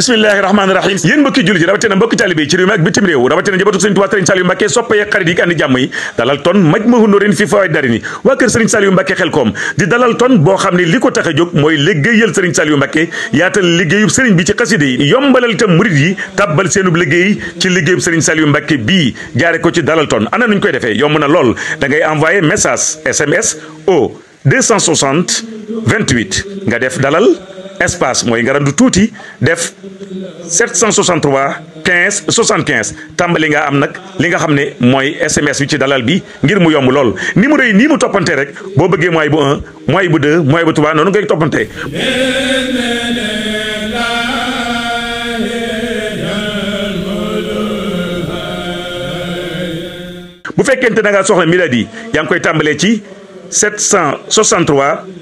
bismillahi rahmaani rahim yéen mbokki jullit yi rawatina mbokki taalibe yi ci réew mi ak bitim réew rawatina njabootu sëriñ Tuubaa sëriñ Saliou Mbacke soppe yi xarit yi ànd jàmm yi dalal ton Majmahun Nurayni fi fawaid darini waa kër sëriñ Saliou Mbacke Xelkom di dalal ton boo xam ne li ko tax jóg mooy liggéeyal sëriñ Saliou Mbacke yaatal liggéeyub sëriñ bi ci xaside yi yombalal itam murit yi tàbbal seenub liggéey ci liggéeyub sëriñ Saliou Mbacke bii jaare ko ci dalal ton ana nuñ koy defee yomb na lool da ngay envoyé message SMS au 28 nga def dalal espace mooy nga randu tuuti def 763 15 75 tàmbali nga am nag li nga xam ne mooy SMS bi ci dalal bi ngir mu yomb lool numéro yi nii mu toppante rek boo bëggee mooy bu 1 mooy bu 2 mooy bu 3 noonu ngay toppante. bu fekkente da ngaa soxla miladi yaa ngi koy tàmbalee ci 763.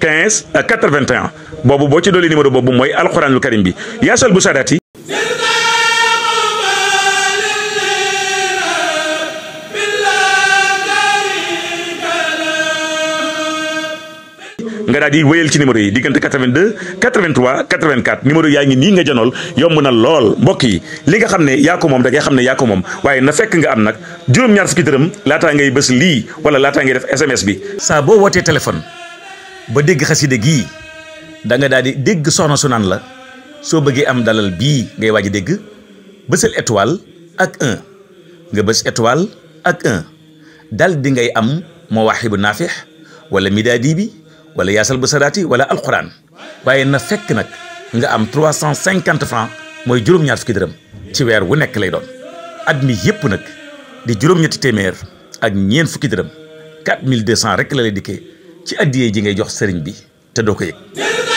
15 81 euh, boobu boo ci dolli numéro boobu mooy alxuraanul karim bi yaasal bu saadaati nga daal di wéyal ci numéro yi diggante 82 83 84 numéro yaa ngi nii nga janool yomb na lool mbokk yi li nga xam ne yaa moom da ngay xam ne yaa moom waaye na fekk nga am nag juróom-ñaar fukki dërëm laataa ngay bés lii wala laataa ngay def SMS bi. saa boo wootee téléphone. ba dégg xasida gii da nga daal di dégg soxna su naan la soo bëggee am dalal bii ngay waaj dégg bësal étoile ak un nga bës étoile ak un dal di ngay am mawaahibu naafix wala midaadi bi wala yaasal basaraati wala alxuraan waaye na fekk nag nga am trois cent cinquante francs mooy juróom-ñaar fukki dërëm ci weer wu nekk lay doon at mi yëpp nag di juróom-ñetti téeméer ak ñeen fukki dërëm quatre mille deux cent rek la lay dikkee ci addiyee ji ngay jox sëriñ bi te doo ko yëg